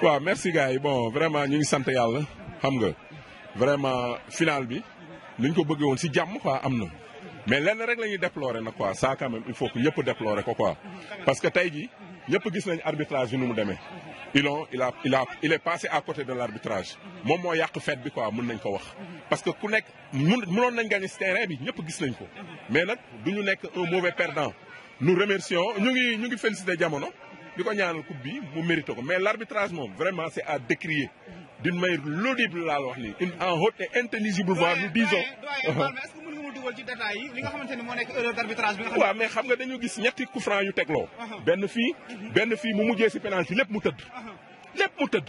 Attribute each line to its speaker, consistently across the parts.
Speaker 1: Quoi, merci gars bon vraiment ñu ngi sant yàlla xam nga vraiment final bi ni ñu ko bëggee woon quoi amna. mais lenn rek la déplorer nag quoi ça quand même il faut que ñëpp déplorer quoi, quoi parce que tey jii ñëpp gis nañ arbitrage bi mu demee. il ont il a il a il est passé à côté de l'arbitrage arbitrage moom moo yàq fête bi quoi mon nañ ko wax. parce que ku nekk mun munoon nañ gagné terrain bi ñëpp gis nañ ko mais là nous ñu un mauvais perdant nous remercions ñu ngi ñu ngi félicité jamono. di ko ñaanal coupe bi mu mérité ko mais l' arbitrage moom vraiment c' est à décrier d' une manière audible laa la wax nii. une en haute et intelligible voix nous disons.
Speaker 2: ci détails yi li nga xamante ne moo nekk erreur d'arbitrage bi xam waaw mais
Speaker 1: xam nga dañu gis ñetti coup yu teglo uh-huh. benn fii benn fii mu mujjee si pénalti lépp mu tëdd uh-huh. lépp mu tëdd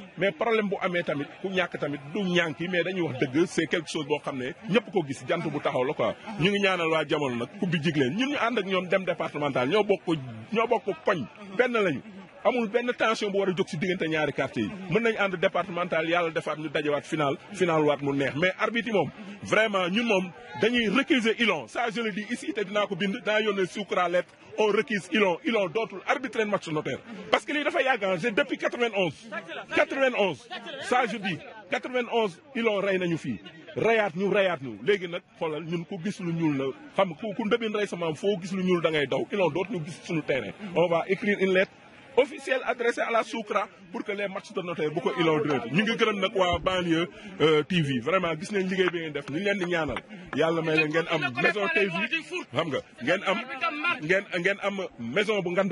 Speaker 1: mais problème bu amee tamit ku ñàkk tamit du ñànki mais dañuy wax dëgg c'est quelque chose boo xam ne ñëpp ko gis jant bu taxaw la quoi ñu ngi ñaanal waa jamono nag ku bi jig leen ñun ñu ànd ak ñoom dem départemental ñoo bokk ñoo bokk koñ benn lañu amul ben tension bu wara jox ci si ñaari quartier yi mën nañ ànd départemental yalla defaat ñu dajewaat final final wat mu neex mais arbitre mom vraiment ñun mom dañuy récuser Ilon ça je le dis ici té dina ko bind dinaa yónnee sucra lettre on récuse Ilon Ilon dootul arbitrer match notaire parce que li dafa yàgg ah j'ai depuis 91 91 ça je dis 91 Ilon ray nañu fi rayat ñu rayat ñu légui nak xolal ñun ko gis lu ñul na xam ku ku ndëbin rey sama am foo gis lu ñul da ngay daw Ilon ñu gis suñu terrain on va écrire une lettre officielle adressée à la SOUCRA pour que les matchs de noter bu ko ilondré ñu ngi gërëm nag waa banlieue euh, TV vraiment gis nañ liggéey bi ngeen def ñu leen di ñaanal yàlla may leen ngeen am maison TV xam nga ngeen am ngeen ngeen am maison bu ngand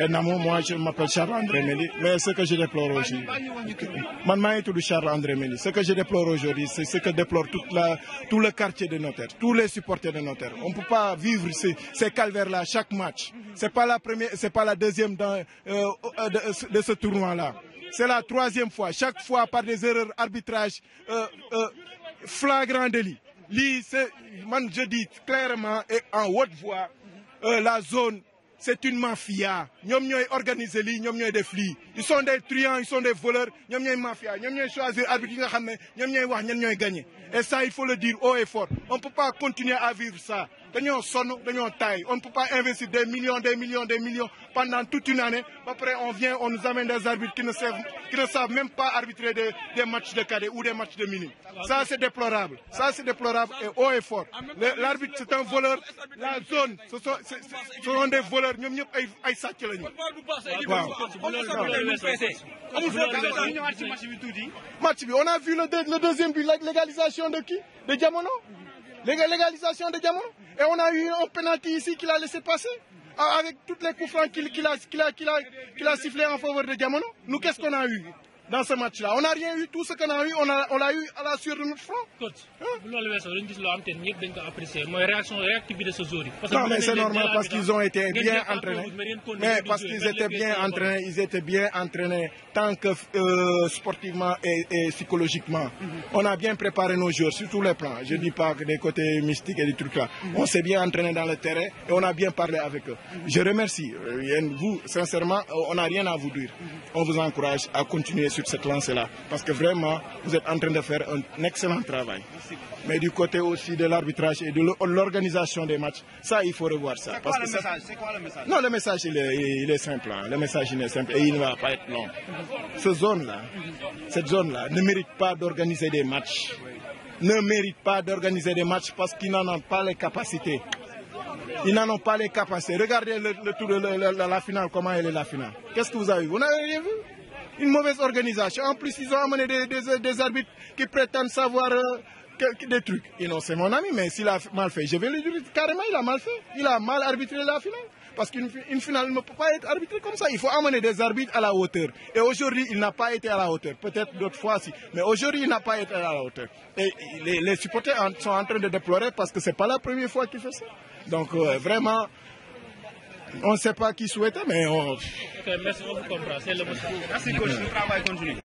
Speaker 2: en moi je m'appelle Charles André Méli, mais ce que je déplore aujourd'hui Charles André Méli. ce que je déplore aujourd'hui c'est ce que déplore tout le quartier de notaires tous les supporters de notaires on ne peut pas vivre ces calvaires là chaque match c'est pas la première c'est pas la deuxième euh, euh, euh, de, ce tournoi là c'est la troisième fois chaque fois par des erreurs arbitrage flagrant délit je dis clairement et en haute voix la zone c'est une mafia Ils ont organisé li. nous avons des flics. ils sont des truands ils sont des voleurs ont une mafia ils ont choisi arbitre yi nga gagné. et ça il faut le dire haut et fort on ne peut pas continuer à vivre ça on ne peut pas investir des millions des millions des millions pendant toute une année après on vient on nous amène des arbitres qui ne savent même pas arbitrer des matchs de cadets ou des matchs de mini. ça c'est déplorable ça c'est déplorable et haut et fort l'arbitre c'est un voleur la zone ce sont des voleurs on a vu le deuxième but la légalisation de qui de Diamono légalisation de diamants Et on a eu un penalty ici qu'il a laissé passer, avec toutes les coups francs qu'il a, sifflés en faveur de diamants. Nous, qu'est-ce qu'on a eu dans ce match-là. On n'a rien eu, tout ce qu'on a eu, on l'a eu à la sueur de notre front. Coach, hein? Non, mais c'est normal parce qu'ils ont été bien entraînés. Mais parce qu'ils étaient bien entraînés, ils étaient bien entraînés tant que euh, sportivement et, psychologiquement. Mhm. On a bien préparé nos joueurs sur tous les plans. Je ne dis pas des côtés mystiques et des trucs là. Mhm. On s'est bien entraîné dans le terrain et on a bien parlé avec eux. Mhm. Je remercie. Euh, vous, sincèrement, on n'a rien à vous dire. On vous encourage à continuer sur cette lancée-là. Parce que vraiment, vous êtes en train de faire un excellent travail. Mais du côté aussi de l'arbitrage et de l'organisation des matchs, ça, il faut revoir ça. C'est quoi, le quoi le message Non, le message, il est, simple. Hein. Le message, il est simple et il ne va pas être long. Cette zone-là, cette zone-là ne mérite pas d'organiser des matchs. Ne mérite pas d'organiser des matchs parce qu'ils n'en ont pas les capacités. Ils n'en ont pas les capacités. Regardez la, finale, comment elle est la finale. Qu'est-ce que vous avez vu Vous n'avez rien vu une mauvaise organisation. En plus, ils ont amené des, arbitres qui prétendent savoir euh, des trucs. Et non, c'est mon ami, mais s'il a mal fait, je vais lui dire carrément, il a mal fait. Il a mal arbitré la finale. Parce qu'une finale ne peut pas être arbitrée comme ça. Il faut amener des arbitres à la hauteur. Et aujourd'hui, il n'a pas été à la hauteur. Peut-être d'autres fois, si. Mais aujourd'hui, il n'a pas été à la hauteur. Et les, supporters sont en train de déplorer parce que ce n'est pas la première fois qu'il fait ça. Donc, euh, vraiment, on ne sait pas qui souhaitait, mais on... Okay, merci beaucoup, Merci, coach. Le travail continue.